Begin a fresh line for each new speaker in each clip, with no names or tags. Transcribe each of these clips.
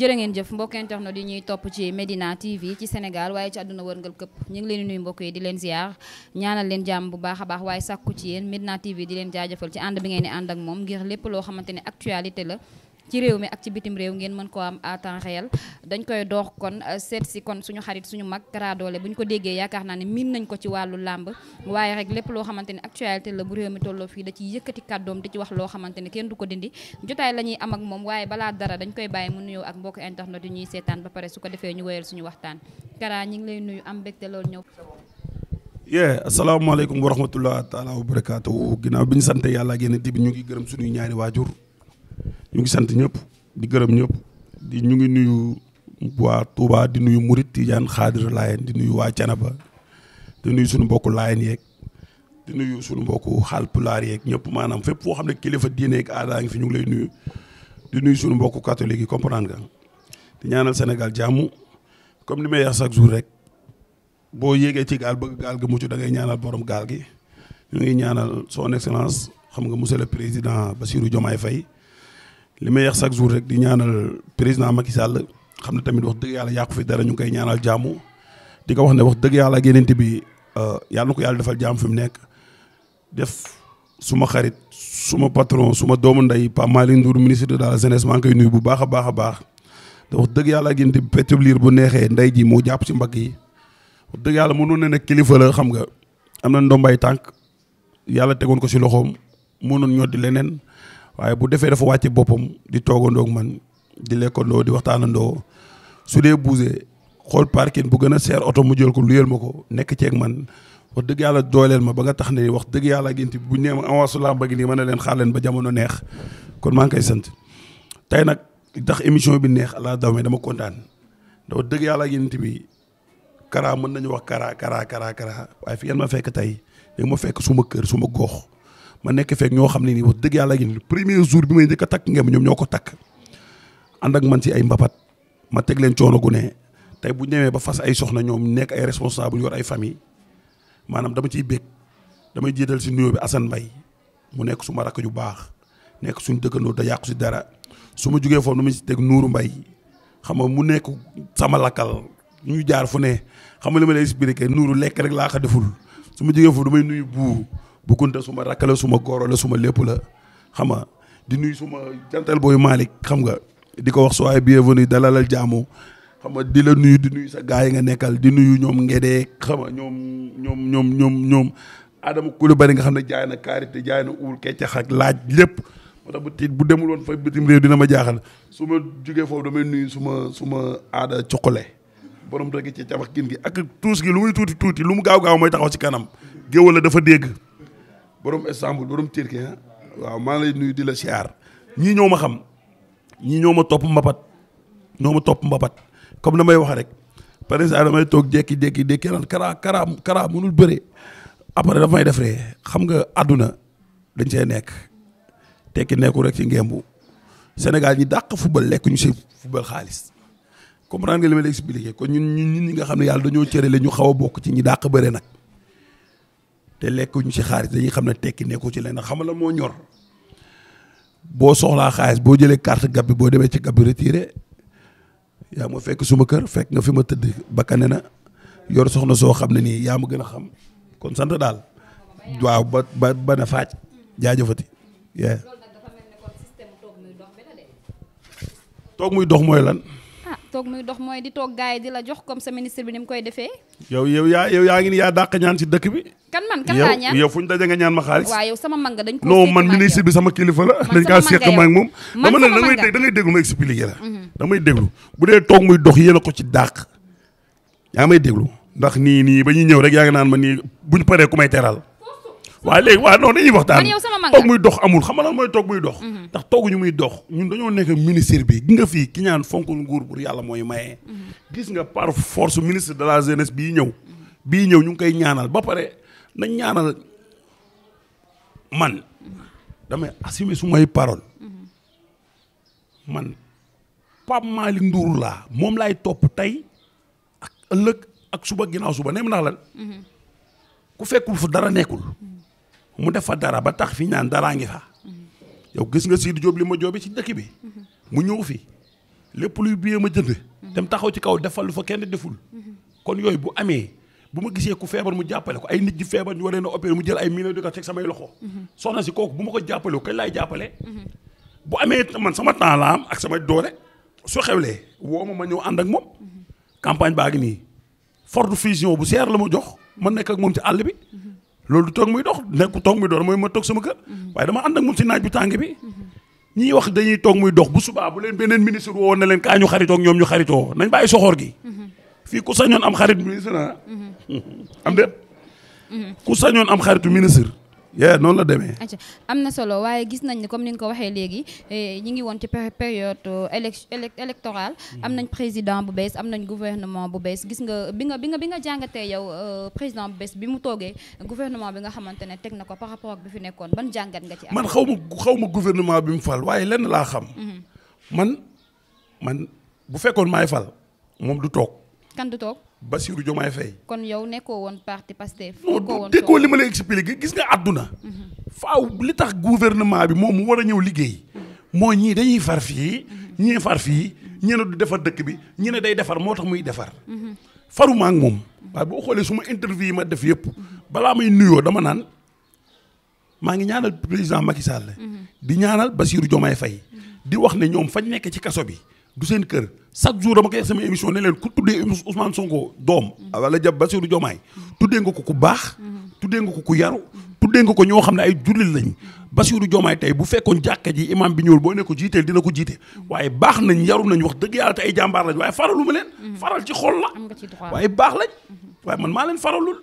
jërë ngeen jëf mbokk internet yi ñuy topp ci Medina TV ci Sénégal waaye ci àdduna wërngal këpp ñu ngi leen di nuyu mbokk yi di leen ziar ñaanal leen jàmm bu baax a baax waaye sàkku ci yéen Medina TV di leen jaajëfal ci ànd bi ngeen di ànd ak moom ngir lépp loo xamante ne actualité la ci réew mi ak ci bitim réew ngeen mën koo am à temps réel dañ koy doox kon euh, seet si kon suñu xarit suñu mag Kara Dollé bu ñu ko déggee yaakaar naa ne miin nañ ko ci wàllu làmb waaye rek lépp loo xamante ne actualité la bu réew mi tolloo fii da ci yëkkati kàddoom di ci wax loo xamante ne kenn du ko dindi jotaay la ñuy am moom waaye balaa dara dañ koy bàyyi mu nuyoo ak mbokk internet yi ñuy seetaan ba pare su ko defee ñu woyal suñu waxtaan Kara ñu ngi lay nuyu am mbégte loolu ñëw
yee asalaamaaleykum wa rahmatullah taala wa barakaatu ginnaaw bi ñu sant yàlla génn di bi ñu ngi gërëm suñuy ñaari waajur ñu ngi sant ñëpp di gërëm ñëpp di ñu ngi nuyu waa Touba di nuyu Murit Tijaan Xaadir Laayeen di nuyu waa Canaba di nuyu suñu mbokku Laayeen yeeg di nuyu suñu mbokku pulaar yeeg ñëpp maanaam fépp foo xam ne kilifa diine ak aadaa fi ñu ngi lay nuyu di nuyu suñu mbokku catholique yi comprendre nga di ñaanal Sénégal jàmm comme ni may wax chaque jour rek boo yéegee ci gaal bëgg gaal gi mucc da ngay ñaanal borom gaal gi ñu ngi ñaanal son excellence xam nga monsieur le président Bassirou Diomaye Faye li may wax chaque jour rek di ñaanal président Macky Sall xam ne tamit wax dëgg yàlla yàqu fi dara ñu koy ñaanal jàmm di ko wax ne wax dëgg yàlla ak yeneen bi euh, yàlla ko yàlla defal jàmm fi mu nekk def suma xarit suma patron suma doomu ndey Pa Malick Ndour ministre de la jeunesse maa ngi koy nuyu bu baax a a baax te dëgg yàlla ak yeneen bi pétrolier bu neexee ndey ji moo jàpp ci mbagg yi wax dëgg yàlla mënoon na nekk kilifa la xam nga am na ndombay tànk yàlla tegoon ko si loxoom mënoon ñoo di leneen. waaye bu defee dafa wàcce boppam di toogandoo ak man di lekkandoo di waxtaanandoo su dee bougé xool parking bu gën a seer oto mu jël ko luyal ma ko nekk ceeg man wax dëgg yàlla dooleel ma ba nga tax ne wax dëgg yàlla gént bi bu ñu ma avance làmb gi nii mën na leen xaar ba jamono neex kon maa ngi koy sant tey nag tax émission bi neex ala daw dama kontaan da dëgg yàlla gént bi Kara mën nañu wax Kara Kara Kara Kara waaye fi ngeen ma fekk tey léegi ma fekk suma kër suma gox. ma nekk feek ñoo xam ne nii wax dëgg yàlla gi premier jour bi may njëkk a takk ngeen ñoom ñoo ko takk ànd ak man si ay mbapat ma teg leen coono gu ne tey bu ñëwee ba fas ay soxna ñoom nekk ay responsable yor ay famille maanaam dama ciy bég damay jiital si nuyoo bi assan mbay mu nekk suma rakk ju baax nekk suñ dëkkandoo da yàqu si dara su ma jugee foofu dama si teg Nuuru Mbaye xam nga mu nekk sama lakkal ñu jaar fu ne xam nga li ma lay expliqué Nuuru lekk rek laa ko deful su ma jugee foofu damay nuyu bu bu suma rakk la suma goro la suma lépp la xam nga di nuyu suma jantal booy Malick xam nga di ko wax sowaay bienvenue dalalal jaamoo xam nga di la nuyu di nuyu sa gars yi nga nekkal di nuyu ñoom ngedee xam nga ñoom ñoom ñoom ñoom ñoom Adama Coulibaly nga xam ne jaay na karité jaay na uul ak laaj lépp moo tax tiit bu demul woon fa bitim réew dina ma jaaxal su jógee foofu damay nuyu suma suma aada cokole borom dëgg ci cabax gin gi ak tuus gi lu muy tuuti tuuti lu mu gaaw gaaw mooy taxaw ci kanam géwal la dafa dégg borom Istanbul borom Turquie ah. waaw maa lay nuyu di la siyaar ñii ñoo ma xam ñii ñoo ma topp mbapat ñoo ma topp mbapat comme damay wax rek par exemple may toog jékki dékki jékki naan kara kara kara mënul bëre après daf may def ree xam nga àdduna dañ see nekk tekki nekku rek ci ngembu Sénégal ñi dàq football lekk ñu si football xaalis comprendre nga li ma lay expliquer kon ñun ñun ñi nga xam ne yàlla dañoo cërale ñu xaw a bokk ci ñi dàq bëre nag. te lekkuñu ci xaalis dañuy xam ne tekki nekku ci leneen xam la moo ñor boo soxlaa xaalis boo jëlee carte gab boo demee ci gab bi retiré yaa ma fekk suma kër fekk nga fi ma tëdd bakkane na yor soxna soo xam ne nii yaa ma gën a xam kon sant daal waaw ba ba ba na faaj jaajëfati toog muy dox mooy lan
toog muy dox mooy di toog gaay di la jox comme sa ministre bi ni mu koy defee.
yow yow yaa yow yaa ngi ni yaa dàq ñaan ci dëkk bi.
kan man kan laa ñaan yow
fu ñu daje nga ñaan ma
dañ
ko non man
ministre bi sama kilifa la. dañ kaa seq ma ak moom. man sama manga yow dama ne da ngay déglu ma expliqué la. Mhm. damay bu dee toog muy dox yéen ko ci dàq. yaa may déglu ndax nii nii ba ñuy ñëw rek yaa ngi naan ma nii buñ paree ku may teral waa léegi waaw non dañuy waxtaan toog muy dox amul xam nga lan mooy toog muy dox mhm. ndax ñu muy dox ñu dañoo nekk ministre bi gi nga fii ki ñaan fonkul nguur bu yàlla mooy maye. Mhm. gis nga par force ministre de la jeunesse bii ñëw bii ñëw ñu ngi koy ñaanal ba pare na ñaanal man damay assumer su may mhm. man Pape Malick Ndour laa moom laay topp tey ak ëllëg ak suba ginnaaw suba neem ndax lan ku fekkul fu dara nekkul mu def fa dara ba tax fi ñaan daraa ngi fa yow gis nga Sidy Diop li ma joobe ci dëkk bi mu ñëw fi lépp luy biyee ma jënd dem taxaw ci kaw defal lu fa kenn deful kon yooyu bu amee bu ma gisee ku feebar mu jàppale ko ay nit di feebar ñu waree na opéré mu jël ay millions di ko samay loxo soxna si kooku bu ma ko jàppale ko kañ laay jàppale bu amee man sama temps la am ak samay doole su xewlee woo ma ma ñëw ànd ak moom campagne baa ngi nii Ford Fusion bu la ma jox man nekk ak loolu du toog muy dox nekku toog muy dox mooy ma toog sama kër mhm. waaye dama ànd ak moom si naaj bu tàng bi ñiy wax dañuy toog muy dox bu subaa bu leen beneen ministre woo na leen kaa ñu xaritoo ak ñoom ñu xaritoo nañ bàyyi soxoor gi mhm. fii ku sañoon am xarit ministre ah am déet ku sañoon am xaritu ministre ah. mhm. yee noonu la demee.
am na solo waaye gis nañ ne comme ni nga ko waxee léegi eh, ñi ngi woon ci période euh, électorale hmm. am nañ président bu bees am nañ gouvernement bu bees gis nga bi nga bi nga bi nga jàngatee yow euh, président bu bees bi mu toogee gouvernement bi nga xamante ne teg na ko par rapport ak bi fi nekkoon ban jàngat nga ci am. man xaw ma
xaw ma gouvernement bi mu fal waaye lenn laa xam. Hmm. man man bu fekkoon maay fal moom du toog. kan du toog. Bassirou Diomaye Faye.
kon yow nekkoo woon parti Pastef. nekkoo
woon déggoo li ma lay expliqué gis nga àdduna. Mhm. aw li tax gouvernement bi moom mu war a ñëw liggéey. Mhm. moo ñii dañuy far fii. Mhm. ñii far fii ñii ne du defar dëkk bi ñi ne day defar moo tax muy defar. faruma ak moom. waaye boo xoolee suma interview yi ma def yëpp. balaa may nuyoo dama naan maa ngi ñaanal président Macky Sall. di ñaanal Bassirou Diomaye Faye. di wax ne ñoom fañ nekk ci kaso bi. du seen kër chaque jour dama koy sama émission ne leen ku tuddee Ousmane Sonko doom wala jab Bassirou Diomaye tuddee nga ko ku baax tuddee nga ko ku yaru tuddee nga ko ñoo xam ne ay jullit lañ Bassirou Diomaye tey bu fekkoon jàkka ji imam bi ñëwul boo ne ko jiiteel dina ko jiite waaye baax nañ yaru nañ wax dëgg yàlla te ay jàmbaar lañ waaye faralu ma leen
faral ci xol la waaye baax lañ
waaye man maa leen faralul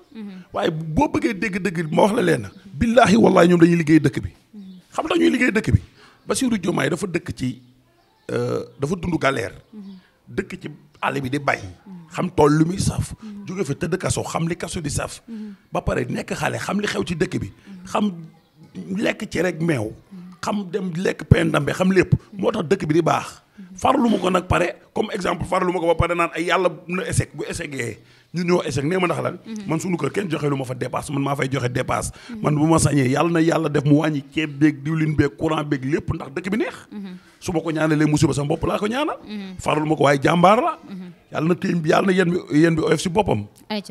waaye boo bëggee dégg-dëgg ma wax la leen billaahi wallaahi ñoom dañuy liggéey dëkk bi xam dañuy liggéey dëkk bi Bassirou Diomaye dafa dëkk ci Euh, dafa dund galeer dëkk ci àll bi di bay. xam tool lu muy saf. jóge fa tëdd kaso xam li kaso di saf. ba pare nekk xale xam li xew ci dëkk bi. xam lekk ci rek meew. xam dem lekk bi xam lépp moo tax dëkk bi di baax. lu ma ko nag pare comme exemple farlu ma ko ba pare naan ay yàlla na échec bu échecgee ñun ñoo échec nee ma ndax lan mhm. man suñu kër kenn joxe lu ma fa dépasse man maa fay joxe dépasse man bu ma sañee yàlla na yàlla def mu wàññi ceeb beeg diwlin beeg courant beeg lépp ndax dëkk bi neex mhm. su ma ko ñaanalee musiba sama bopp laa ko ñaanal
mhm.
faralu
ma ko waaye jàmbaar la yàlla na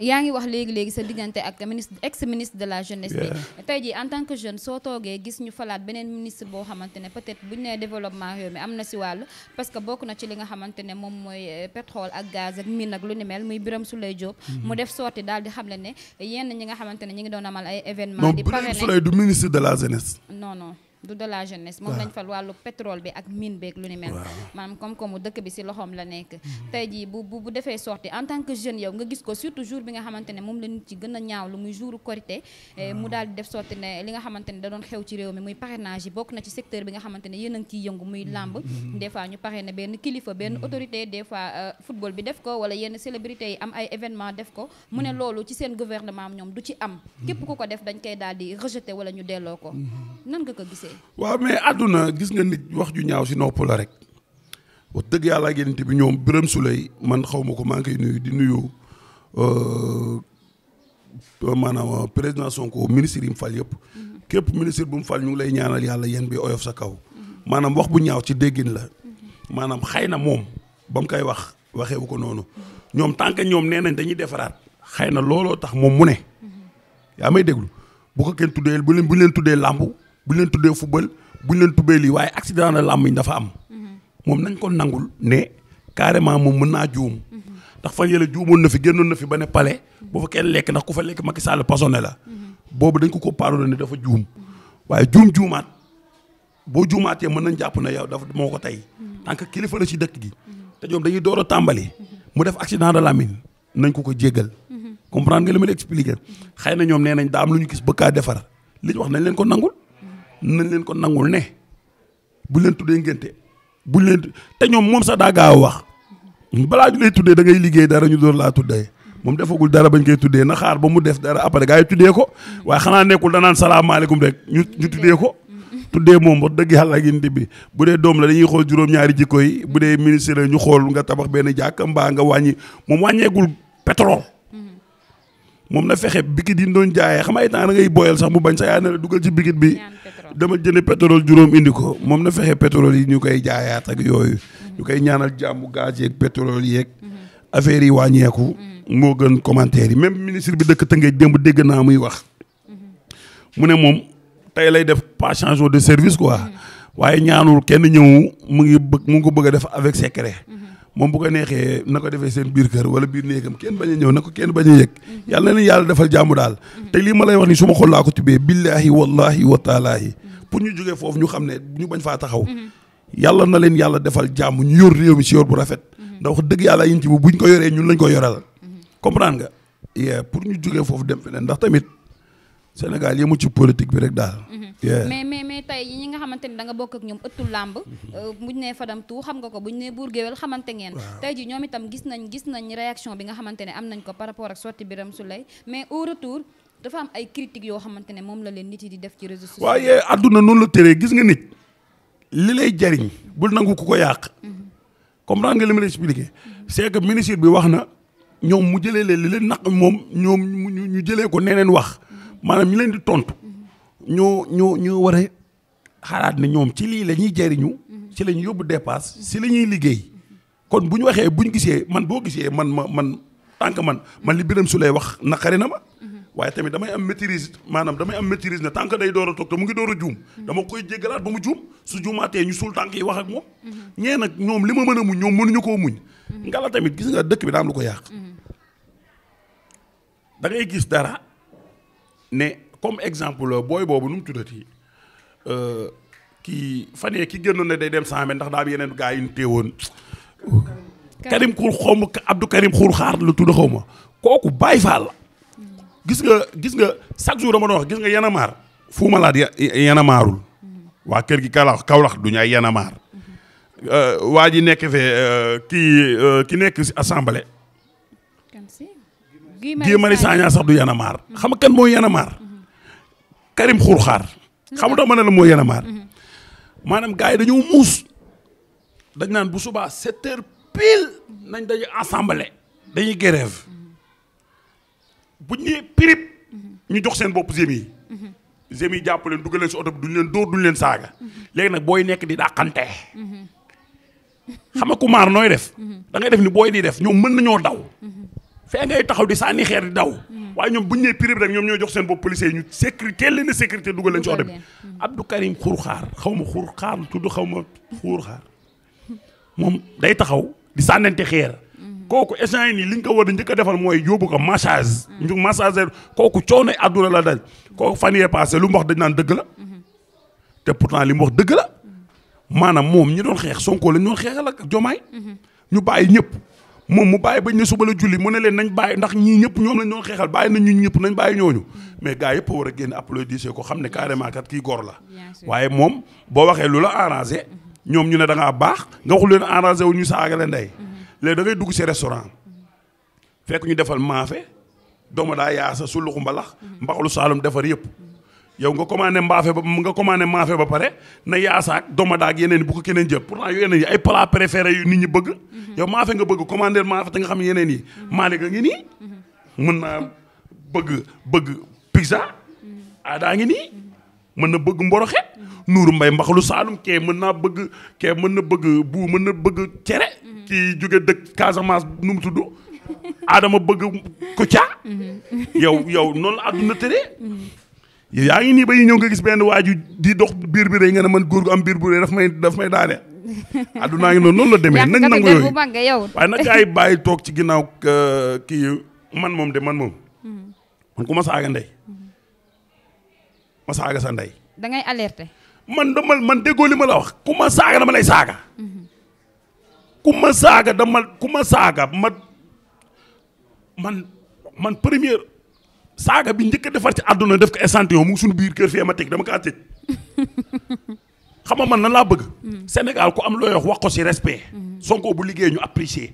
yaa ngi wax léegi léegi sa diggante ak ministre ex ministre de la jeunesse tey jii en tant que jeune soo toogee gis ñu falaat beneen ministre boo xamante ne peut-être bu ñu nee développement réew mi am na si wàll parce que bokk na ci li nga xamante ne moom mooy euh, pétrole ak gaz ak mine ak lu ni mel muy su Souleye Diop. Mm-hmm. mu def sorti daal di xamle ne yenn ñi nga xamante ne ñu ngi doon amal ay événements. di parrainer non Birame Souleye du
ministre de la jeunesse.
du de la jeunesse moom lañ fal wàllu pétrole bi ak mine beeg lu ni mel maanaam comme comme dëkk bi si loxoom la nekk mm-hmm. tey jii bu bu bu defee sorti en tant que jeune yow nga gis ko surtout jour bi nga xamante ne moom la nit ci gën a ñaaw lu muy jouru korité eh, mu daal def sorti ne li nga xamante ne da doon xew ci réew mi muy parrainage yi bokk na ci secteur bi nga xamante ne yéen a ngi ciy yëngu muy mm-hmm. làmb mm-hmm. des fois ñu parrainé benn kilifa benn autorité des fois euh, football bi def ko wala yenn célébrité yi am ay événement def mu ne loolu ci seen gouvernement ñoom du ci am képp ku ko def dañ koy daal di rejeté wala ñu delloo ko
waaw mais àdduna gis nga nit wax ju ñaaw si nopp la rek wax dëgg yàlla ak yeneen bi ñoom Birame Souley man xaw ma ko maa ngi nuyu di nuyu euh, maanaam euh, président Sonko ministre yi mu fal yëpp. képp ministre bu mu fal ñu ngi lay ñaanal yàlla yéen bi oyof sa kaw. maanaam wax bu ñaaw ci déggin la. maanaam xëy na moom ba mu koy wax waxee ko noonu. ñoom tant que ñoom nee nañ dañuy defaraat. xëy na looloo tax moom mu ne. yaa may déglu bu ko kenn tuddee bu leen bu leen tuddee làmb bu ñu leen tuddee football bu ñu leen tuddee lii waaye accident la làmmiñ dafa am. moom nañ ko nangul ne carrément moom mën naa juum. ndax fan yële juumoon na fi génnoon na fi ba ne pale boo fa kenn lekk ndax ku fa lekk Macky Sall pasonné la. boobu dañ ko ko pardonné ne dafa juum. waaye juum juumaat boo juumaatee mën nañ jàpp na yow dafa moo ko tey. tant que kilifa la ci dëkk gi. te ñoom dañuy door a tàmbali. mu def accident a làmmiñ nañ ko ko jéggal. comprendre nga li la expliquer. xëy na ñoom nee nañ daa am lu ñu gis bëgg kaa defar li ñu wax nañ leen ko nangul. nañ leen kon nangul ne bu leen tuddee ngénte bu leen te ñoom moom sax daa gaaw wax balaa ñu lay tuddee da ngay liggéey dara ñu door laa tuddee moom defagul dara bañ koy tuddee na xaar ba mu def dara après gars yi ko waaye xanaa nekkul danaan salaamaaleykum rek ñu ñu tuddee ko. tuddee moom wax dëgg yàlla ak indi bi bu dee doom la dañuy xool juróom-ñaari bu dee ministre ñu xool nga tabax benn jàkk mbaa nga wàññi moom wàññeegul pétrole. moom na fexe bikit yi ñu doon jaayee xam ay temps da ngay boyal mu bañ sax yaa ne dugal ci bikit bi. dama jënd pétrole juróom indi ko moom na fexe pétrole yi ñu koy jaayaat ak yooyu. ñu koy ñaanal jàmbu gaz yeeg pétrole yeeg. affaire yi wàññeeku. moo gën commentaire yi même ministre bi dëkk Tëngéej démb dégg naa muy wax. mu ne moom tey lay def pas changement de service quoi. waaye ñaanul kenn ñëw mu ngi bëgg mu ngi ko bëgg a def avec secret mhm. moom bu ko neexee na ko defee seen biir kër wala biir néegam kenn bañ a ñëw na ko kenn bañ a yëg mhm. yàlla na leen yàlla defal jàmm daal mhm. te ma lay wax ni su ma xol laa ko tibbee billaahi wallaahi wa taalaahi pour ñu jógee foofu ñu xam ne ñu bañ faa taxaw yàlla na leen yàlla defal jàmm ñu yor réew mi si yor bu rafet ndax wax dëgg yàlla yin ci bu ñu ko yoree ñun lañ ko yoral comprendre nga pour ñu jógee foofu dem feneen ndax tamit Sénégal yi mu ci politique bi rek daal. Mhm. mais
mais mais tey ñi nga xamante ne da nga bokk ak ñoom ëttu làmb. Euh, buñ nee Fadam tout xam nga ko buñ nee Bour Guéweul xamante ngeen. tey ji ñoom itam gis nañ gis nañ réaction bi nga xamante ne am nañ ko par rapport ak sortie Birame Souleye mais au retour dafa am ay critiques yoo xamante ne moom la leen nit yi di def ci réseaux sociaux.
waaye àdduna noonu la tëree gis nga nit li lay jariñ bul nangu ku ko yàq. Mhm. comprendre nga li ma lay expliqué. c'est bi wax na ñoom mu jëlee leen leen naq moom ñoom ñu jëlee ko neneen wax. maanaam ñu leen di tontu ñoo ñoo ñoo war a xalaat na ñoom ci lii la ñuy jariñu ci la ñuy yóbbu dépasse si la ñuy liggéey kon bu ñu waxee bu ñu gisee man boo gisee man ma man tànk man man li su lay wax naqari na ma waaye tamit damay am maîtrise maanaam damay am maîtrise na tànk day door a toog te mu ngi door a juum dama koy jéggalaat ba mu juum su juumaatee ñu suul tànk yi wax ak moom ñee nag ñoom li ma mën a muñ ñoom mënuñu koo muñ ngala tamit gis nga dëkk bi daa lu ko yàq gis dara ne comme exemple booy boobu nu mu tuddati euh, kii fan yee ki génnoon ne day dem 100 ndax daa am yeneen gaa yu ñu téewoon. Karim Khour xaw ma Abdou Karim Khour xaar la tudd xaw ma kooku Baye Fall la gis nga gis nga chaque jour dama doon wax gis nga yanamaar fu ma laat yanamaarul waa kër gi kalax kawlax duñ ay yanamaar euh, waa ji nekk fee euh, kii ki nekk si assemblée Guy Marius Sagna sax du Y'en a marre mm-hmm. xam nga kan mooy Y'en a marre mm-hmm. Karim Xurxaar xam ma na la mooy Y'en a mm-hmm. maanaam gars yi dañoo muus dañ naan bu subaa sept heures pile nañ dañu assemblée dañuy grève bu ñu pirip ñu jox seen bopp zémi yi jàpp leen dugal leen si oto bi duñ leen dóor duñ leen saaga léegi nag booy nekk di dàqante xam nga ku maar nooy def da def ni booy di def ñoom mën nañoo daw fee ngay taxaw di sànni xeer di daw waaye ñoom bu ñu nee prix rek ñoom ñoo jox seen bopp policiers yi ñu sécurité leen sécurité dugal leen ci oto bi hmm. Abdou Karim xurxaar xaw ma xurxaar tudd xaw ma xurxaar moom day taxaw di sànnante xeer hmm. kooku échange yi nii li ñu ko war a a defal mooy yóbbu ko massage ñu hmm. massage kooku coono àdduna la dal kooku fan yee passé lu mu dañ naan dëgg la li dëgg la maanaam moom ñi doon xeex Sonko lañ doon xeexal ak Jomaay ñu bàyyi moom mu bàyyi bañ ne suba la julli mu ne leen nañ bàyyi ndax ñii ñëpp ñoom lañ doon xeexal bàyyi nañ ñun ñëpp nañ bàyyi ñooñu mais gars yëpp war a génn applaudir ko xam ne carrément kat kii góor la waaye moom boo waxee lu la arrangé ñoom ñu ne da ngaa baax nga waxu leen arrangé wu ñu saaga leen ndey mhm. léegi da dugg si restaurant fekk ñu defal maafe dooma daa yaasa su luxu mbalax mhm. mbaxalu saalum defar yëpp yow nga commandé mbaafe ba nga commandé maafe ba pare na yaasaak domadaak yeneen bu ko keneen jël pourtant yeneen yi ay plat préféré yu nit ñi bëgg mhm. yow maafe nga bëgg commandé maafe te nga xam yeneen yi mhm. Malick a ngi nii mhm. mën naa bëgg bëgg pizza aadaa ngi nii mën na bëgg mboroxe nuuru mbay mbaxalu saalum kee mën naa bëgg kee mën na bëgg bu mën na bëgg cere kii jóge dëkk Casamance nu mu tudd bëgg Kouthia yow yow noonu la àdduna tëree yaa ngi nii ba ñu ñëw nga gis benn waaju di dox biir bi rëy nga ne man góor gu am biir bu rëy daf may daf daane addunaa ngi noonu noonu la demee nañ nangu yooyu waaye nag gars yi bàyyi toog ci ginnaaw euh, kii man moom de man moom mm-hmm. man ku ma saaga ndey
mm-hmm. ma da ngay alerté
man dama man déggoo li ma la wax ku ma saaga dama lay saaga mm-hmm. ku ma saaga dama ku ma saaga ma man man première saaga bi njëkk a defar ci àdduna def ko échantillon mu ngi suñu biir kër fii ma teg dama kaa tëj xam nga man nan laa bëgg. Sénégal ku am looy wax wax ko si respect. Sonko bu liggéey ñu apprécier.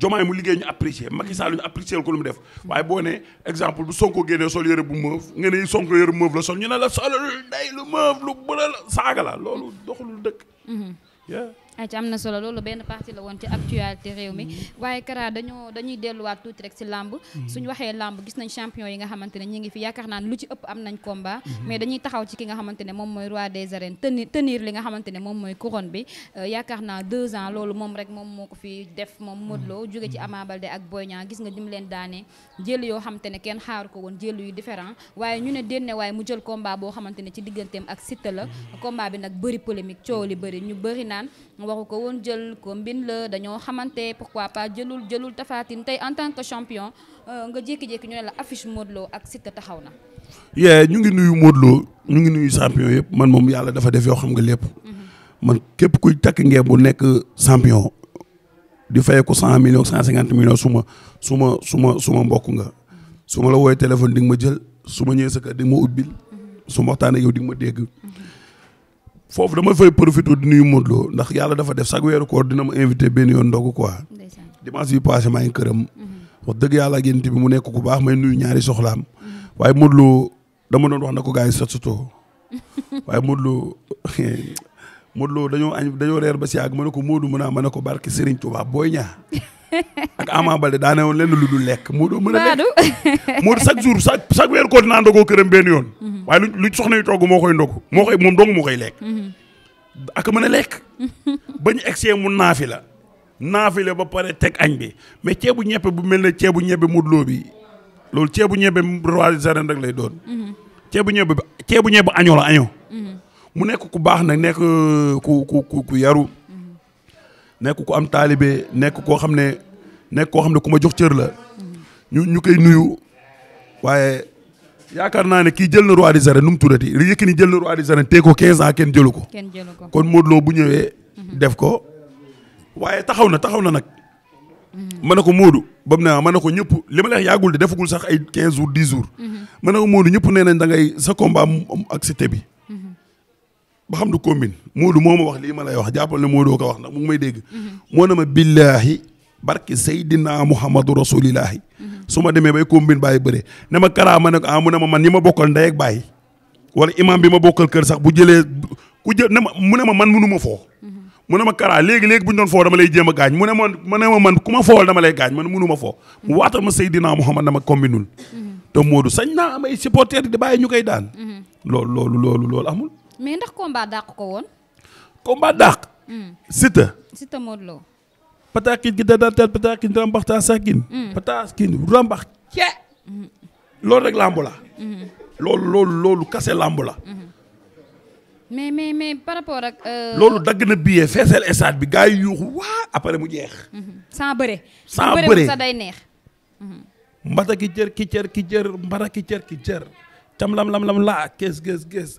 Diomaye mu liggéey ñu apprécier Macky Sall ñu apprécier ko lu mu def. waaye boo ne exemple bu Sonko génnee sol yëre bu meuf nga ne Sonko yëre meuf la sol ñu ne la solul day lu meuf lu bëre la saaga la loolu doxulul dëkk. Mm-hmm.
ci am na solo loolu benn partie la woon ci actualité réew mi mm-hmm. waaye Kara dañoo dañuy delluwaat tuuti rek si làmb mm-hmm. suñu waxee làmb gis nañ champion yi nga xamante ne ñi ngi fi yaakaar naan lu ci ëpp am nañ combat mm-hmm. mais dañuy ne moom mooy roi des arènes tenir tenir li nga xamante ne moom mooy couronne euh, naa deux ans loolu moom rek moom moo ko fi def moom Modou Lo jóge ci Ama Baldé ak Boy Niang gis nga dim leen daane jël yoo xamante ne kenn xaaru ko woon jël yu différent waaye ñu ne dénne waaye mu jël combat boo xamante ne ci digganteem ak Siteu la combat bi nag bëri polémique coow li bëri ñu bëri waru ko woon jël ko mbin la dañoo xamante pourquoi pas jëlul jëlul tafaatin tey en tant que champion euh, nga jékki-jékki ñu ne la affiche Modou Lo ak Siteu taxaw na.
yee ñu ngi nuyu Modou Lo ñu ngi nuyu champion yëpp man moom yàlla dafa def yoo xam nga lépp. Mhm. man képp ku takk ngeen bu nekk champion. di fay ko cent millions cent cinquante millions suma su ma su ma mbokk nga. su ma la woowee téléphone di nga ma jël su ma ñëwee sa kër di ma ubbil. Mhm. su ma waxtaanee yow di ma dégg. Mhm. foofu dama fay profité di nuyu Modou Lo ndax yàlla dafa def chaque weer koor dina ma invité benn yoon ndogu quoi. dimanche bi passé maa ngi këram. Mhm. wax dëgg yàlla ak yéen bi mu nekk ku baax may nuyu ñaari soxlaam. waaye Modou Lo dama doon wax na ko gars yi sot sotoo waaye Modou Lo Modou Lo dañoo añ dañoo reer ba si àgg ne ko Modou mu naa ma ne ko barke Serigne Touba booy ñaa ak Ama Balde daa ne woon lenn lu dul lekk Modou mën a
lekk
Modou chaque jour
chaque chaque weer koo dinaa ndogoo këram benn yoon mhm. waaye lu lu soxna yu togg moo koy ndogu moo koy moom dong koy lekk mhm. ak mën a lekk bañu egsee mu naafi la naafi la ba pare teg añ bi mais ceebu ñebbe bu mel ne ceebu ñebbe Modou Lo bi loolu ceebu ñebbe roi des rek lay doon mhm. ceebu ñebbe ceebu ñebbe añoo la añoo mu nekk ku baax nag nekk ku ku ku yaru nekk ko am taalibe nekk koo xam ne nekk koo xam ne ku ma jox cër la ñu ñu koy nuyu waaye yaakaar naa ne kii jël na roi des arènes nu mu tuddati li Yékini jël na roi des arènes tee ko 15 ans kenn jëlu ko.
kenn ko kon
Modou Lo bu ñëwee. Mhm. def ko waaye taxaw na taxaw na nag. mën na ko Modou ba mu ne ma mën ko ñëpp li ma la yàggul de defagul sax ay 15 jours 10 jours. mën mhm. na ko Modou ñëpp nee nañ da ngay sa combat ak Siteu bi. ba xam du combine Moodu moo ma wax ma lay wax jàppal ne Moodu ko wax ndax mu ngi may dégg. moo na ma billaahi barki Seydina Muhammadu Rasulillahi. su ma demee bay combine bàyyi bëre ne ma karaa ma a ko ah ma man ni ma bokkal ndey ak bàyyi. wala imam bi ma bokkal kër sax bu jëlee ku jël ne ma mu ne ma man munu ma foo. mu ne ma karaa léegi léegi bu ñu doon foo dama lay jéem a gaañ mu ne ma mu ne ma man ku ma fool dama lay gaañ man munu ma foo. mu waatal ma Seydina Muhammad dama combinul. te Moodu sañ naa am ay supporters di bàyyi ñu koy daan. Mm-hmm. loolu loolu loolu loolu amul.
mais ndax combat dàq ko woon.
combat dàq. Siteu. Hmm.
Siteu Modou Lo.
pataakin ki dadantel pataakin rambax taa sakin. Hmm. rambax
ce.
Hmm.
loolu rek làmb la. loolu loolu loolu kase làmbu la.
mais mais mais par rapport ak. Euh, loolu
dagg na billet feesal stade bi gars yi yuuxu waa après mu jeex.
saa bëre. sans bëre sa day neex.
mbata ki cër ki cër ki cër mbara ki cër ki cër. cam lam lam lam laa kees gees gees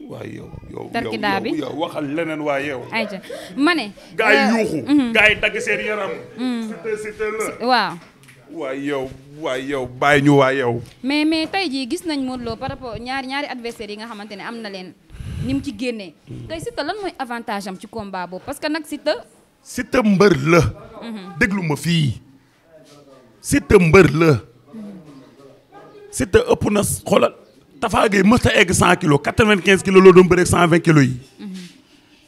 waaye yow yow yow yow waxal leneen yow.
ayca ma ne.
gars yi yuuxu. Mhm. gars yi dagg seen yaram.
Mm. cité cité la waaw.
waaye yow waaye yow bàyyi ñu waaye yow.
mais mais tey jii gis nañ Modou Lo par rapport ñaari ñaari adversaires yi nga xamante ne am na leen ni mu ci génnee. Mm. tey Siteu lan mooy avantage am ci combat boobu parce que nag Siteu.
Siteu mbër la. Mhm. déglu ma fii Siteu mbër la. Mhm. Siteu ëpp na xoolal. Tafa Gueye mës egg cent kilos quatre-vingt-quinze kilos la doon bëreeg cent vingt kilos yi. Mhm.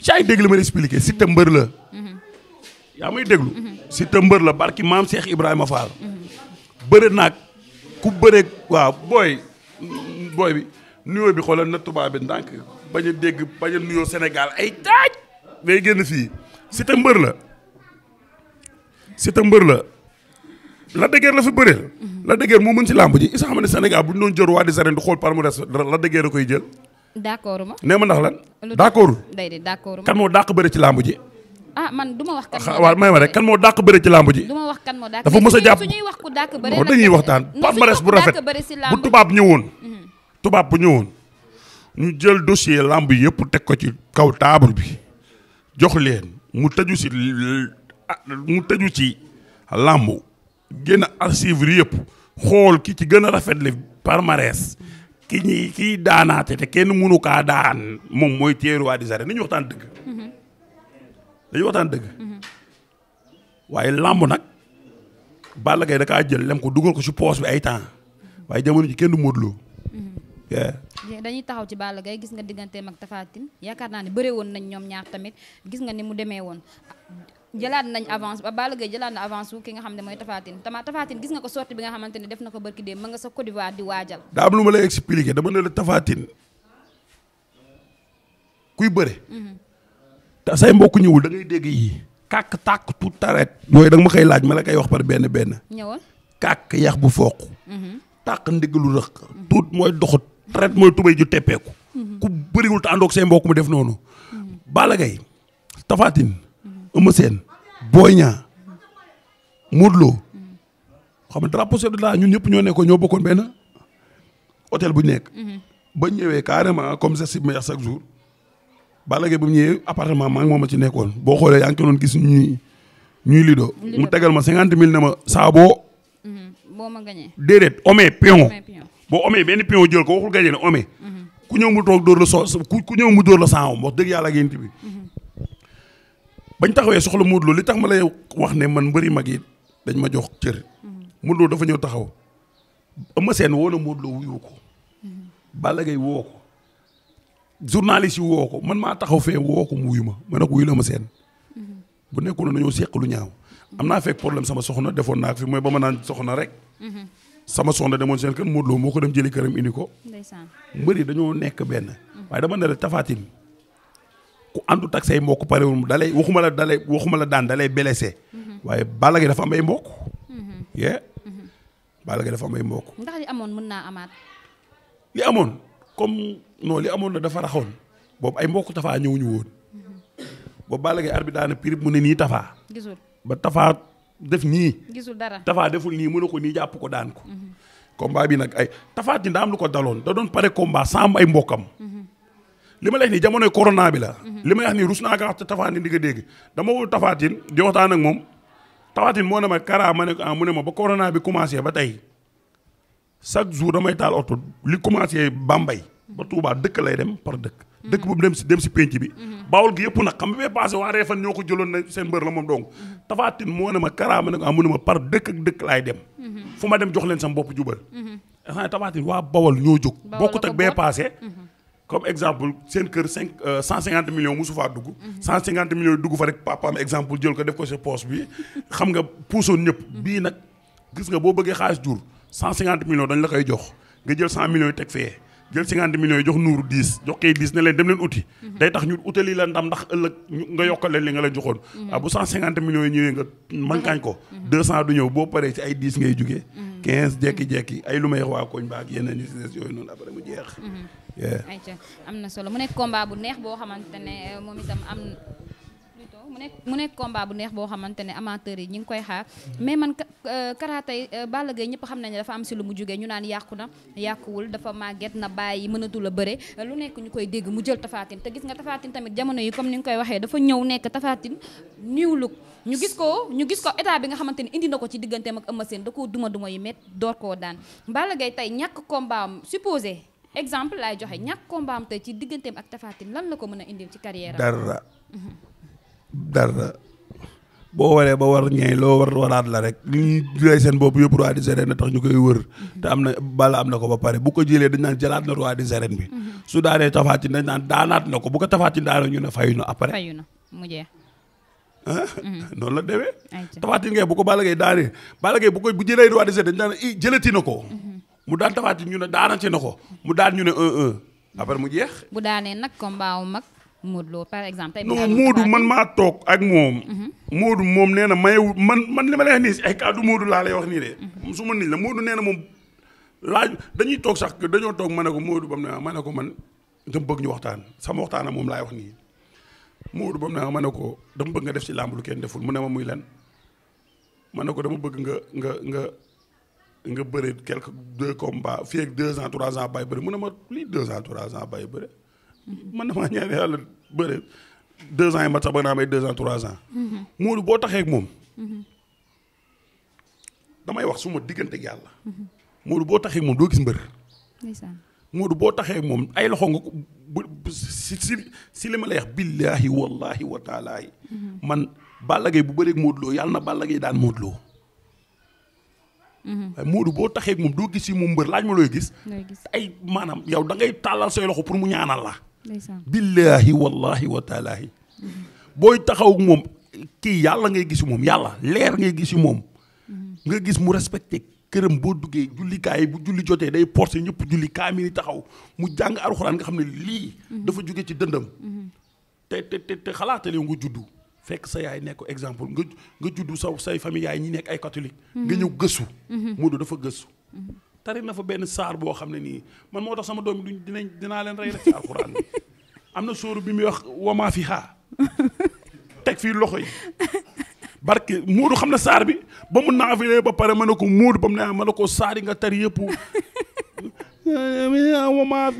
yaa dégg li ma expliqué Siteu mbër la. Mhm. yaa may déglu. Mhm. Siteu mbër la barki maam Cheikh Ibrahima Fall. bëre naag ku bëreeg waaw booy booy bi nuyoo bi xoolal na tubaab bi ndànk bañ a dégg bañ a nuyoo Sénégal ay taaj. ngay génn fii Siteu mbër la Siteu mbër la. Lac de la fi bëreel. Lac de Guiers moo mën ci làmb ji isa xam ne Sénégal bu ñu doon jor waa des arènes di xool palmarès Lac de Guiers a koy jël.
d' accord ma nee ma ndax lan. d' accord day de ma kan moo
dàq bëre ci làmb ji.
Ah, may ma rek kan
moo dàq bëre ci làmb ji. du
ma wax kan moo dàq dafa mës a jàpp suñuy wax ku dàq bëre non dañuy waxtaan palmarès bu rafet bu tubaab ñëwoon. Mhm.
tubaab bu ñëwoon ñu jël dossier làmb yi yëpp teg ko ci kaw table bi jox leen mu tëju ci ah, mu tëju ci làmb génn archive yi yëpp xool ki ci gën a rafet li palmarès ki ñuy kiy daanaate te kenn mënu daan moom mooy Thierry waa Sarr nañu waxtaan dëgg dañu waxtaan dëgg waaye làmb nag Balla Gaye da jël lem ko dugal ko ci poos bi ay temps waaye jamono ji kenn du Modou
dañuy taxaw ci Balla Gaye gis nga digganteem ak Tapha Tine yaakaar naa ne bëre woon nañ ñoom ñaar tamit gis nga ni mu demee woon jëlaat nañ avance ba Balla Gaye jëlaat na avance wu ki nga xam ne mooy Tafatine tama Tafatine gis nga ko sorti bi nga xamante ne def na ko barki dee ma nga sa Côte d'Ivoire di waajal.
daa am lu ma lay expliquer dama kuy bëre. Mhm. te say mbokk ñëwul da ngay dégg yi kàkk tàkk tout taret da nga laaj ma la koy wax par benn benn. ñëwoon kàkk yax bu fooq. Mhm. tàkk ndiggalu rëq. Mhm. mooy doxut taret mooy tubay ju teppeeku. ku bëriwul te àndoog say mbokk mu def noonu. Balla Gaye Eumeu Sène Boy ñaa Modou Lo xam nga drapeau chef de l'État ñun ñëpp ñoo nekkoon ñoo bokkoon benn hôtel bu nekk. Mhm. ba ñëwee carrément comme ça si ma chaque jour. Balla Gaye bu mu ñëwee appartement maa moom a ci nekkoon boo xoolee yaa ngi ko doon gis ñuy ñuy lido. mu tegal ma cinquante mille na ma saa boo. Mhm. boo ma gañee déedéet omee pion. boo omee benn pion jël ko waxul gañee ne omee. ku ñëw mu toog dóor la so ku ñëw mu dóor la saawam wax dëgg yàlla ak yéen bañ taxawee soxla Modou li tax ma lay wax ne man mbëri mag yi dañ ma jox cër. Mm-hmm. Modou dafa ñëw taxaw. Eumeu Sène woo na Modou Lo wuyu ko. Mm-hmm. Balla Gaye woo ko. journaliste yi woo ko man maa taxaw fee woo ko mu wuyu ma ma ne ko wuyu la Eumeu Sène. Mm-hmm. bu nekkoon dañoo seq ñaaw. am naa fekk problème sama soxna defoon naa fi mooy ba ma naan soxna rek. sama soxna demoon seen kër Modou moo ko dem jëli këram indi ko. ndeysaan mbëri dañoo nekk benn. waaye dama ne la ku àndut ak say mbokk parewul mu dalay waxuma la dalay waxuma la daan dalay blessé mhm. waaye Balla Gaye dafa am ay mbokk mhm. yee mhm. Balla dafa am ay mbokk
ndax li amoon mën naa amaat
li amoon comme non li amoon na dafa raxoon boobu ay mbokk tafaa ñëw ñu woon boobu Balla Gaye arbitre mu ne nii tafaa gisul ba tafaa def nii gisul dara tafaa deful nii mu ne ko nii jàpp ko daan ko combat bi nag ay tafaa ti daa am lu ko daloon da doon pare combat sans ay mbokkam li ma lay nii jamonoy corona bi la. Mhm. li may wax nii rus naa ko wax te Tapha di nga dégg dama woo Tapha Tine di waxtaan ak moom Tapha moo ne ma Kara ma ah, ne ma ba corona bi commencé ba tey chaque jour damay taal oto li commencé Bambey ba Touba dëkk lay dem par dëkk. Mhm. dëkk boobu dem si dem si penc bi. Mhm. bawol gi yëpp nag xam nga bee passé waa Réfane ñoo ko jëloon na seen moom donc. Tapha Tine moo ne ma Kara ma ah, par dëkk ak dëkk laay dem. fu ma dem jox leen sama bopp jubal. xam nga Tapha waa bawol ñoo jóg. bokkut ak bee passé. comme exemple seen kër cinq euh, cent cinquante millions musu faa dugg. cent cinquante millions dugg fa rek papaam exemple jël ko def ko sa poche bi xam nga puusoon ñëpp. bii nag gis nga boo bëggee xaalis jur cent cinquante millions dañ la koy jox nga jël cent millions yi teg fee. jël cinquante millions yi jox nuuru dix jox kay dix ne leen dem leen uti. Mhm. day tax ñu utali la ndam ndax ëllëg nga yokkal leen li nga la joxoon. Mhm. waaw bu cent cinquante millions yi mhm. ñëw boo paree ci ay lu may wax
ayca am na solo mu nekk combat bu neex boo xamante ne euh, moom itam am mu nekk mu nekk combat bu neex xamante ne amateurs yi ñu ngi koy xaar mais man euh, karaatay euh, Balla Gaye ñëpp xam nañu dafa am si lu mu jógee ñu naan yàqu na yàquwul dafa màgget na bàyyi mënatul a bëre lu nekk ñu koy dégg mu jël tafaatin te gis nga tafaatin tamit jamono yi comme ni nga koy waxee dafa ñëw nekk tafaatin new look ñu gis ko ñu gis ko état bi nga xamante ne indi na ko ci digganteem ak Eumeu Sène da koo duma duma yi met door koo daan Balla Gaye tey ñàkk combat am supposé exemple laay joxe ñàkk combat am tey ci digganteem ak Tapha Tine lan la ko mën a indil ci carrière dara
dara boo waree ba war ñeey loo war waraat la rek li ñuy jëlee seen bopp yëpp roi des arènes ñu koy wër te am na bala am na ko ba pare bu ko jëlee dañ naan jëlaat na roi daanee Tapha Tine dañ daanaat na ko bu ko Tapha Tine daanee ñu ne fayu na après fayu mhm. noonu la demee Tapha Tine ngay bu ko Balla Gaye daanee Balla Gaye bu ko bu jëlee roi des arènes dañ jëlati na ko mhm. mu daan tafaati ñu ne daanante na ko mu daan ñu ne un un mu jeex.
bu daanee nag combat wu mag Modou Lo par exemple. tey man maa
toog ak moom. Mhm. Modou moom nee na mayewu man man li ma lay wax nii si ay kàddu Modou laa lay wax nii de. Mhm. su ma nii la Modou nee na moom laaj dañuy toog sax dañoo toog ma ne ko Modou ba mu ne ma ne ko man dama ñu waxtaan sama waxtaan moom laay wax nii. Modou ba mu ma ne ko dama bëgg nga def si làmb lu kenn deful mu ne ma muy lan ma ne ko dama bëgg nga nga nga. nga bëri quelque deux combats fii ak deux ans trois ans bàyyi bëri mu ne ma lii deux ans trois ans bàyyi bëri man damaa ñaan yàlla bëri deux ans yi mat sax ba boo taxee ak moom. damay wax suma diggante ak yàlla. Modou boo taxee ak moom doo boo taxee ak moom ay loxo nga ko si si li ma la wax billaahi wallaahi wa taalaahi. Mm-hmm. man Balla bu bëreeg Modou Lo yàlla na Balla Gaye daan Modou Mm-hmm. waaye Modou boo taxee moom doo gis si moom mbër laaj ma looy gis. ay maanaam yow da ngay tàllal say loxo pour mu ñaanal la. billaahi wallaahi wa taalaahi. Mm-hmm. booy taxaw moom kii yàlla ngay gis moom yàlla leer ngay gis moom. Mm-hmm. nga gis mu respecté këram boo duggee jullikaay bu julli jotee day porse ñëpp julli kaamil yi taxaw mu jàng alxuraan nga xam ne lii. dafa jóge ci dëndam. te te te xalaatale nga juddu. fekk sa yaay nekk ko exemple nga nga juddu saw say famille yaay ñi nekk ay catholique nga ñëw gëstu. Moodu dafa gëstu. tari na fa benn saar boo xam ne nii man moo tax sama doom duñ dinañ dinaa leen rey rek ci alxuraan am na sóoru bi muy wax wamaa fi xaa teg fii loxo yi barke Moodu xam na saar bi ba mu naafilee ba pare ma ne ko Moodu ba mu ne ma ne ko saari nga tari yëpp wamaa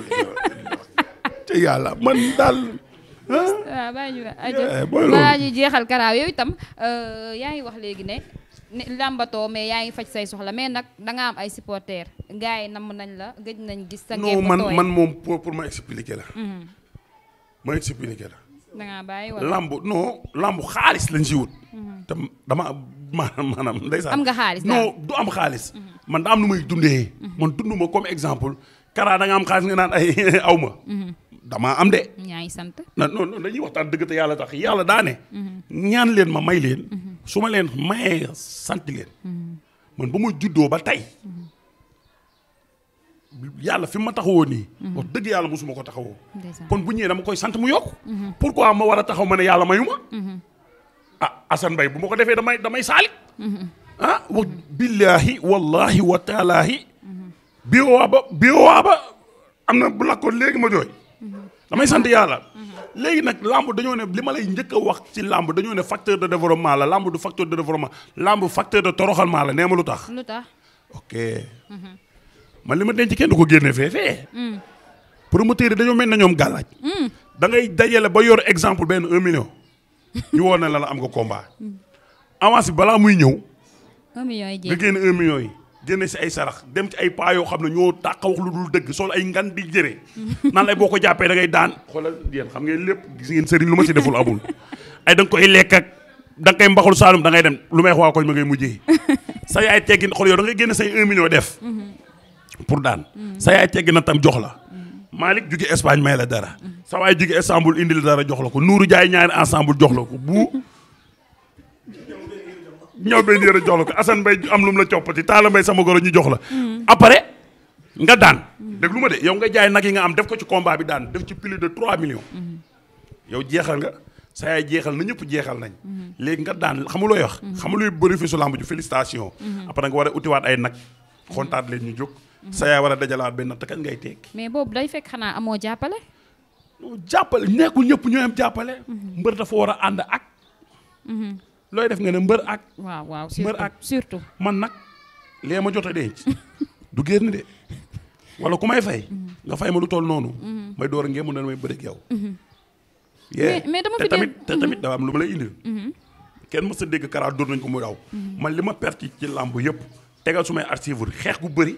te yàlla man daal waaw ah, bàyyi ñu la eh, balaa
ñuy jeexal karaaw yow itam euh, yaa ngi wax léegi ne làmbatoo mais yaa ngi faj say soxla mais nag da am ay supporter gars yi namm nañ la gëj nañ gis sa non man man
moom pour pour ma expliquer la mhm. la da ngaa bàyyi wala xaalis lañ si wut mhm. te dama maanaam maanaam ndeysaan am nga
xaalis non du am xaalis mhm.
man da am nu may dundee man dund ma comme exemple karaa da am xaalis nga naan ay aw damaa am de. yaa ngi sant. non non dañuy waxtaan dëgg te yàlla tax yàlla daa ñaan leen ma may leen. Mhm. su ma leen mayee sant leen. Mhm. man ba ma juddoo ba tey. yàlla fi ma taxawoo nii. Mhm. wax dëgg yàlla mosuma ko taxawoo. kon bu ñëwee dama koy sant mu yokk. pourquoi ma war a taxaw ma ne yàlla mayu ma. ah Assane Mbaye bu ma ko defee damay damay ah, billaahi wallaahi wa taalaahi. bi am na bu lakkoon léegi ma jooy. damay sant yàlla. léegi nag làmb dañoo ne li ma lay njëkk a wax ci làmb dañoo ne facteur de développement la làmb du facteur de développement làmb facteur de toroxalmaa la nee ma lu tax. lu tax ok. man li ma denc kenn du ko génne feefee. Hmm. promoteur dañoo mel na ñoom gàllaaj. Hmm. da ngay dajale ba yor exemple benn un million. ñu woon la la am nga combat. Hmm. avance bi balaa muy ñëw. un million yi nga yi. génne si ay sarax dem ci ay paa yoo xam ne ñoo tàq wax lu dul dëgg sol ay ngan di jëre naan lay boo ko jàppee da ngay daan xoolal yéen xam ngeen lépp gis ngeen lu ma si deful amul ay da nga da nga koy mbaxul saalum da ngay dem lu may xawaa koñ ma yow da ngay génne say un def mm-hmm. pour daan mm-hmm. sa yaay teggin na tam jox la mm-hmm. Malick jóge Espagne may la dara sa waay jóge Istanbul indi la dara jox la ko Nuuru Jaay ñaari ensemble jox ko bu ñoo bay diir a jox la ko Assane Mbaye am lu mu la coppati Talla Mbaye sama goro ñu jox la. après nga daan. dégg lu ma de yow nga jaay nag yi nga am def ko ci combat bi daan def ci plus de 3 millions. yow jeexal nga sa yaay jeexal na ñëpp jeexal nañ. léegi nga daan xam nga looy wax. xam nga luy bëri fi su lamb ju félicitation. après nga war a utiwaat ay nag xontaat leen ñu jóg. sa yaay war a dajalaat benn natt kañ ngay tekki.
mais boobu day fekk xanaa amoo jàppale.
jàppale nekkul ñëpp ñoo am jàppale. mbër a looy def nga ne mbër ak. waaw waaw surtout man nag lee ma jot a denc du génn de wala ku may fay. nga fay ma lu toll noonu. Mhm. may door a ngeen mun na may bëri ak yow. Mhm. mais mais dama tamit te tamit dafa lu ma lay indil. Mhm. kenn mës dégg Kara dóor nañ ko mu daw. man li ma perte ci làmb yëpp tegal su may archive xeex gu bëri.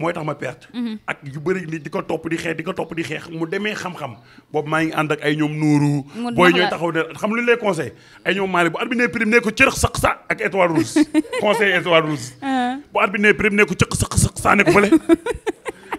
mooy tax ma perte. ak yu bëri nit di ko topp di xeex di ko topp di xeex mu demee xam-xam boobu maa ngi ànd ak ay ñoom nuuru. booy ñooy taxaw ne xam lu lay conseil ay ñoom maali bu at bi nee prime nee ko cërëx saq sa ak étoile rouge conseil étoile rouge. Ah. bu at bi nee prime nee ko cëq saq saq sa ne ko fële.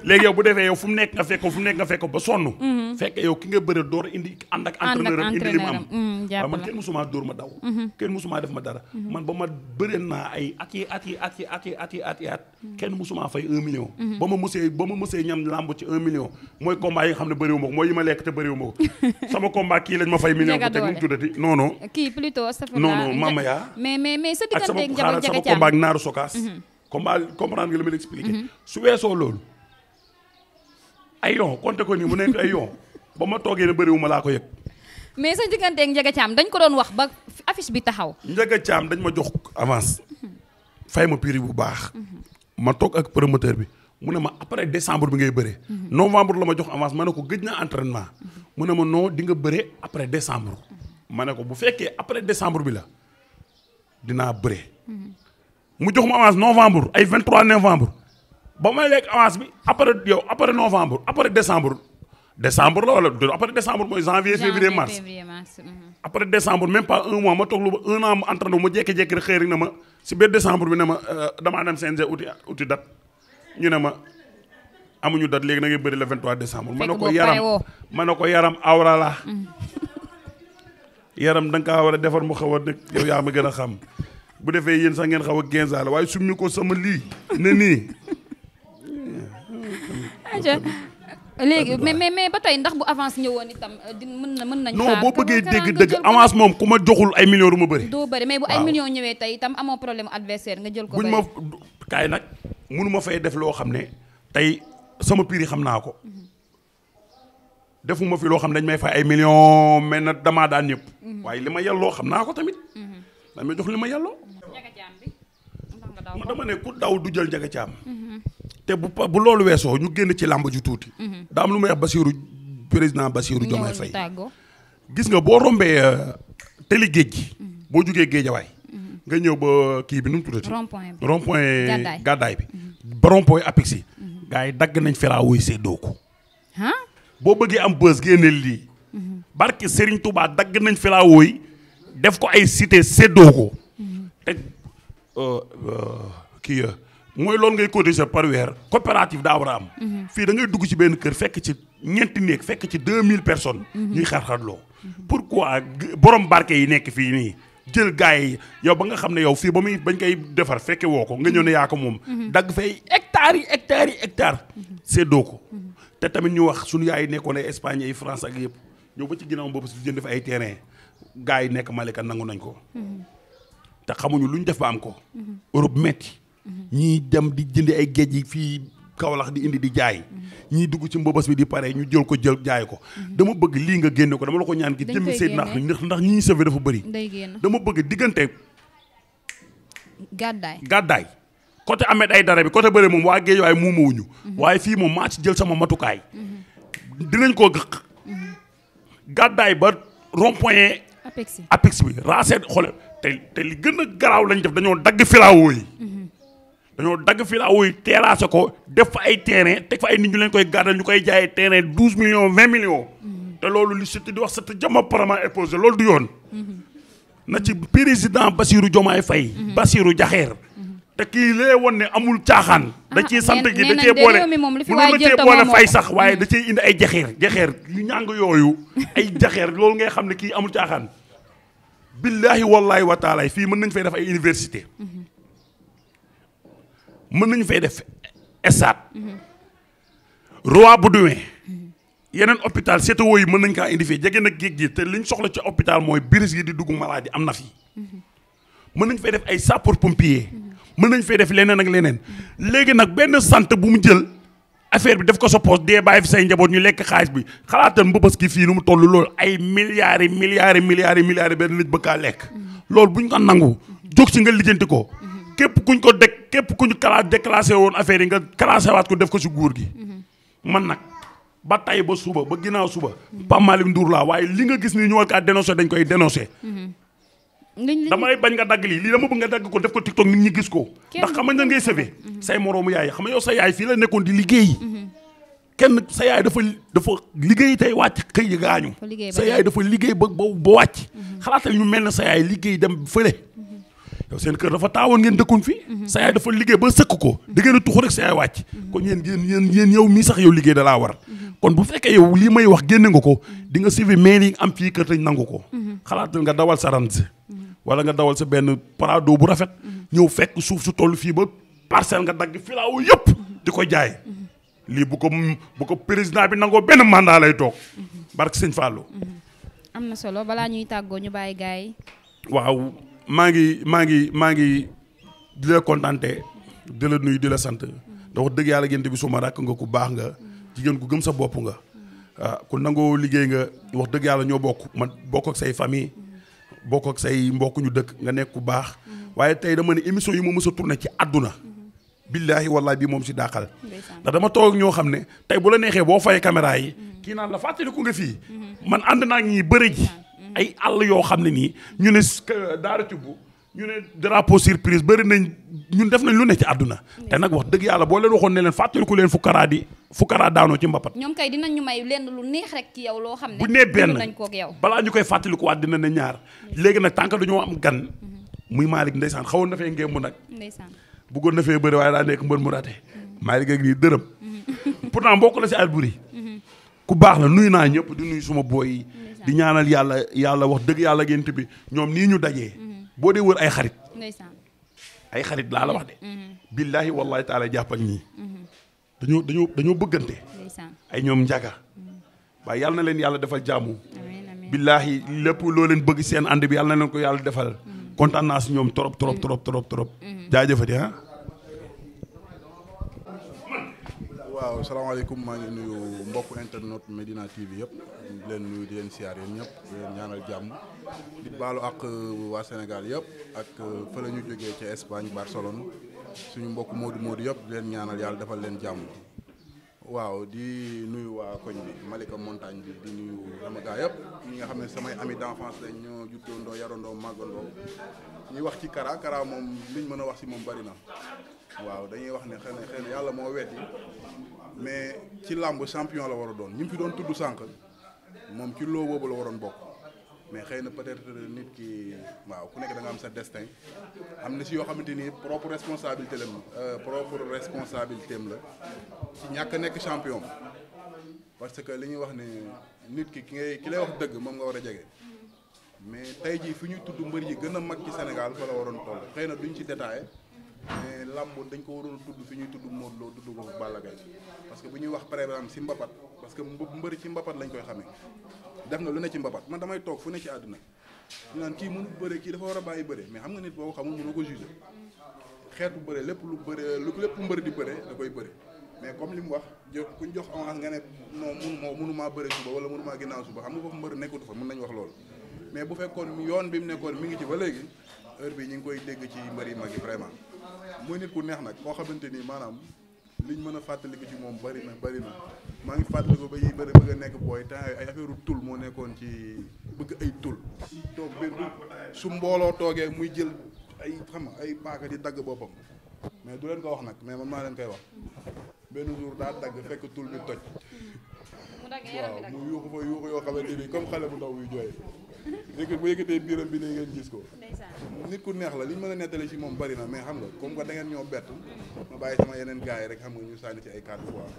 léegi yow bu defee yow fu mu nekk nga fekk fu mu nekk nga fekk ba sonn mhm. fekk yow ki nga bëre door indi ànd ak entraîneur am indi li mu am mm, waaw man kenn mosumaa dóor ma daw mhm. kenn mosumaa def ma dara mhm. man ba ma bëre naa ay at yi at yi at yi at yi at yi at yi at kenn mosumaa fay un million ba ma mosee ba ma mosee ñam làmb ci un million mooy combat yi nga xam ne bëriwu ma ko mooy yi ma lekk te bëriwu ma ko sama combat kii lañ ma fay million ko te nu mu tuddati non non
kii plutôt non non mama yaa mais mais mais sa diggante ak njaboot jaga sama combat ak naaru
sokaas combat comprendre nga li ma l'expliquer su weesoo loolu ay yon compté ko nii mu nekk ay yon ba ma toogee ne bëriwuma laa ko yëg.
mais sa digganteeg Ndiaga Thiam dañ ko doon wax ba affiche bi taxaw.
Ndiaga Thiam dañ ma jox avance. fay ma prix bu baax. ma toog ak promoteur bi. mu ne ma après décembre bi ngay bëree. novembre la ma jox avance ma ne ko gëj na entraînement. mu ne ma noo dinga nga après décembre. ma ne ko bu fekkee après décembre bi la dinaa bëree. mu jox ma avance novembre ay 23 novembre. ba ma lekk avance bi après yow après novembre après décembre décembre la wala après décembre mooy janvier février mars
mhm.
après décembre même pas un mois ma toog lu ba un an mu entraîné ma jékki-jékki rek xëy na ma si biir décembre bi ne ma euh, damaa dem CNG uti uti date ñu ne ma amuñu date léegi na ngay bëri le 23 décembre. ma ne ko yaram ma ne ko yaram awra la mhm. yaram da nga kaa war a defar mu xaw a dëkk yow yaa ma gën a xam bu defee yéen sa ngeen xaw a 15 ans la waaye suñu ko sama lii ne nii.
léegi mais mais mais ba tey ndax bu avance ñëwoon itam euh, di mën nañ non boo bëggee dégg dëgg
avance moom ku ma joxul ay millions du ma bëri
doo bëri mais bu ay millions ñëwee tey itam amoo problème adversaire nga jël ko buñ ma
kaay nag mënu ma fay def loo xam ne tey sama prix xam naa ko defuma fi loo xam ne dañ may fay ay million mais na damaa daan ñëpp mhm. waaye li ma yelloo xam naa ko tamit mhm. dañ li ma yelloo ma dama ne ku daw du jël njaga caam mhm. te bu bu loolu weesoo ñu génn ci làmb ju tuuti. Mhm. daa lu may wax Bassirou président Bassirou Diomaye Faye gis nga boo rombee euh, tëli géej gi. Mhm. boo jugee géejawaay. Mhm. nga ñëw ba kii bi nu mu tuddati. rond gàddaay bi. ba rond point apix dagg nañ feraawoo yi séddoo ko. boo bëggee am bës génneel lii. barke Serigne Touba dagg nañ feraawoo yi def ko ay cité seddoo ko. te kii. Euh, mooy loolu ngay cotiser par weer coopérative daa war am. fii da ngay dugg ci benn kër fekk ci ñeenti néeg fekk ci 2000 personnes. ñuy xar pour pourquoi boroom barke yi nekk fii nii jël gars yi yow ba nga xam ne yow fii ba muy bañ koy defar fekke woo ko nga ñëw ne yaa ko moom. dagg fay hectares yi hectares yi hectares. séddoo ko. te tamit ñu wax suñu yaay nekkoon ay Espagne ay France ak yëpp ñëw ba ci ginnaaw boobu si jënd fa ay terrain gars yi nekk Malika nangu nañ ko. te xamuñu luñ def am ko. Europe metti ñii dem di jëndi ay géej yi fii Kaolack di indi di jaay. Mm-hmm. ñii dugg ci mbobas bi di pare ñu jël ko jël jaay ko. Mm-hmm. dama bëgg lii nga génne ko dama la ko ñaan gi jëmmi seen ndax ndax ñi ñu sauvé dafa bëri. dama bëgg diggante. gàddaay gàddaay. côté Ahmed ay dara bi côté bëre moom waa géej waaye muumawuñu. Mm-hmm. waaye fii moom maa ci jël sama matukaay. dinañ ko gëq. gàddaay ba rond point. apex bi apex bi raasé xoolal te te li gën a garaaw lañ def dañoo dagg filawoo yi. dañoo dagg fii laa wuy terrassé ko def fa ay terrain teg fa ay nit ñu leen koy gardal ñu koy jaayee terrain douze millions vingt millions. te loolu li surtout di wax sa jama parlement exposé loolu du yoon. na ci président Bassirou Diomaye fay bassiru Diakher. te kii lee woon ne amul caaxaan. da ah, ciy ah, sant gi da cee boole mënoon na cee boole fay sax waaye mm. da ciy indi ay jaxeer jaxeer yu ñàng yooyu ay jaxeer loolu ngay xam ne kii amul caaxaan. billaahi wallaahi wa taala fii mën nañ fay def ay université. mën nañu fay def stade roi Baudouin yeneen hôpital CTO yi mën nañ kaa indi fii jege na géej gi te liñ soxla ci hôpital mooy biris yi di dugg maladie am na fi
mën
nañ fay def ay sapeur pompier mën nañ fay def leneen ak leneen léegi nag benn sant bu mu jël affaire bi def ko sa poste dee bàyyi fi say njaboot ñu lekk xaalis bi xalaatal mbëbës gi fii nu mu toll loolu ay milliards yi milliards yi milliards yi milliards yi benn nit bëgg kaa lekk loolu buñ ko nangu jóg ci nga lijjanti ko képp kuñ ko de képp kuñu classé déclassé woon affaire yi nga classé waat ko def ko ci guur gi. man nag ba tay ba suba ba ginnaaw suba. Pape Malick Ndour laa waaye li nga gis ni ñu war kaa dénoncé dañ koy dénoncé. damay bañ nga dagg lii lii dama bëgg nga dagg ko def ko TikTok nit ñi gis ko. ndax xam nga ngay sëfee. Mm-hmm. say moroomu yaay xam nga yow sa yaay fii la nekkoon di liggéey. Mm-hmm. kenn sa yaay dafa dafa liggéey tey wàcc xëy gaañu. sa yaay dafa liggéey ba ba wàcc. Mm-hmm. xalaatal ñu mel ne sa yaay liggéey dem yow seen kër dafa taawoon ngeen dëkkuñ fi mhm. sa yaay dafa liggéey ba sëkk ko da ngeen a tuxu rek sa yaay wàcc mhm. kon yéen yéen yéen yéen yow mii sax yow liggéey da war mhm. kon bu fekkee yow lii may wax génne nga ko di nga suivi mail yi am fii kër tañ nangu ko xalaatal nga dawal sa ranse wala nga dawal sa benn prado bu rafet ñëw fekk suuf su toll fii ba parcelle nga dagg filaaw yëpp di ko jaay lii bu ko bu ko président bi nangoo benn mandat lay toog barke seen Fallou
am na solo balaa ñuy tàggoo ñu bàyyi gaay
waaw maa ngi maa ngi maa ngi di la kontante di la nuy di la sant ndax wax dëgg yàlla génte bi suma rakk nga ku baax nga jigéen ku gëm sa bopp nga waaw ah, ku nangoo liggéey nga wax dëgg yàlla ñoo bokk man bokk ak say famille bokk say mbokk ñu dëkk nga nekk ku baax waaye tey dama ne émission yi ma mës a tourné ci àdduna billaahi wallaahi bii moom si daaxal ndax dama toog ñoo xam ne tey bu la neexee boo fay caméra yi kii naan la fàttaliku nga fii man ànd naa ñi bëre ji ay àll yoo xam ne nii ñu ne daara cubbu ñu ne drapeau surprise bëri nañ ñun def nañ lu ne ci àdduna te nag wax dëgg yàlla boo leen waxoon ne leen fàttaliku leen fukkaraa di fukkaraa daanoo ci mbapat
ñoom kay dinañ ñu may lu neex rek ci yow loo xam ne bu nee benn
balaa ñu koy fàttaliku waat dina ne ñaar léegi nag tànk dañoo am gan mhm. muy Malick ndeysaan xawoon na fee ngémb nag bëggoon na fee bëri waaye daa nekk mbër mu raté mhm. Malick ak nii dërëm mhm. pourtant bokk la si Alboury ku baax la nuyu naa ñëpp di nuyu suma booy di ñaanal yàlla yàlla wax dëgg yàlla gént bi ñoom nii ñu dajee mm-hmm. boo dee wër ay xarit ay xarit laa la wax de mm-hmm. billaahi wallaahi taala jàppal ak ñii mm-hmm. dañoo dañoo bëggante ay ñoom njaga waaye yàlla na leen yàlla defal jàmm billaahi lépp loo leen bëgg seen ànd bi yàlla na leen ko yàlla defal kontaan naa si ñoom trop trop trop trop trop jaajëfati ah.
waaw salaamaaleykum maa ngi nuyu mbokk internet Medina TV yëpp di leen nuyu leen siyaar yéen ñëpp di leen ñaanal jàmm di baalu ak euh, waa Sénégal yëpp ak euh, fa la ñu jógee ca Espagne Barcelone suñu mbokk Modou Modou yëpp leen ñaanal yàlla defal leen jàmm. waaw di nuyu waa koñ bi Malika montagne bi di nuyu sama gaa yëpp ñi nga xam ne samay ami d'enfance lañ ñoo juddoondoo yarandoo màggandoo ñuy wax ci Kara moom moom ñu mën a wax si moom bari na waaw dañuy wax ne xëy na xëy na yàlla moo weddi mais ci làmb champion la war a doon ñu mu fi doon tudd sànq moom ci loo boobu la waroon bokk mais xëy na peut-être nit ki waaw ku nekk da nga am sa destin am na si yoo xamante ni propre responsabilité la euh, propre responsabilité am la ci ñàkk a nekk champion parce que li ñuy wax ni nit ki ki ngay ki lay wax dëgg moom nga war a jege mais tey jii fi ñuy tudd mbër yi gën a mag ci Sénégal fa la waroon toll xëy na duñ ci détaillé mais làmb dañ ko waroon tudd fi ñuy tudd Modou Lo tudd ko Balla Gaye parce que bu ñuy wax par exemple si mbapat parce que mbëri ci mbapat lañ koy xamee def nga lu ne ci mbapat man damay toog fu ne ci àdduna ñu naan kii mënul bëre dafa war a bàyyi bëre mais xam nga boo ko xamul mënoo ko xeetu bëre lépp lu bëre lu lépp mbër di bëre da koy bëre mais comme li mu wax jo ñu jox avance nga ne non mënu moo wala mënu maa ginnaaw suba xam nga foofu mbër nekkatu fa nañu wax loolu mais bu fekkoon yoon bi mu nekkoon mi ngi ci ba léegi heure bi ñu ngi koy dégg ci mbër yi mag yi vraiment muy nit ku neex nag koo xamante ni maanaam liñ mën a fàttaliku ci moom bëri na bëri na maa ngi fàttaliku ba yiy bëri bëgg a nekk booy temps ay affaire tul moo nekkoon ci bëgg ay tul toog benn su mbooloo toogee muy jël ay xam na ay paaka di dagg boppam mais du leen ko wax nag mais ma maa leen koy wax benn jour daa dagg fekk tul bi toj
waaw mu
yuuxu fa yuuxu yoo xamante ni comme xale bu ndaw buy jooy yëkkat bu yëkkatee biiram bi ne ngeen gis ko nit ku neex la liñ mën a nettali ci moom bari na mais xam nga comme que da ñoo bett ma bàyyi sama yeneen gars yi rek xam nga ñu sànni ci ay quatre fois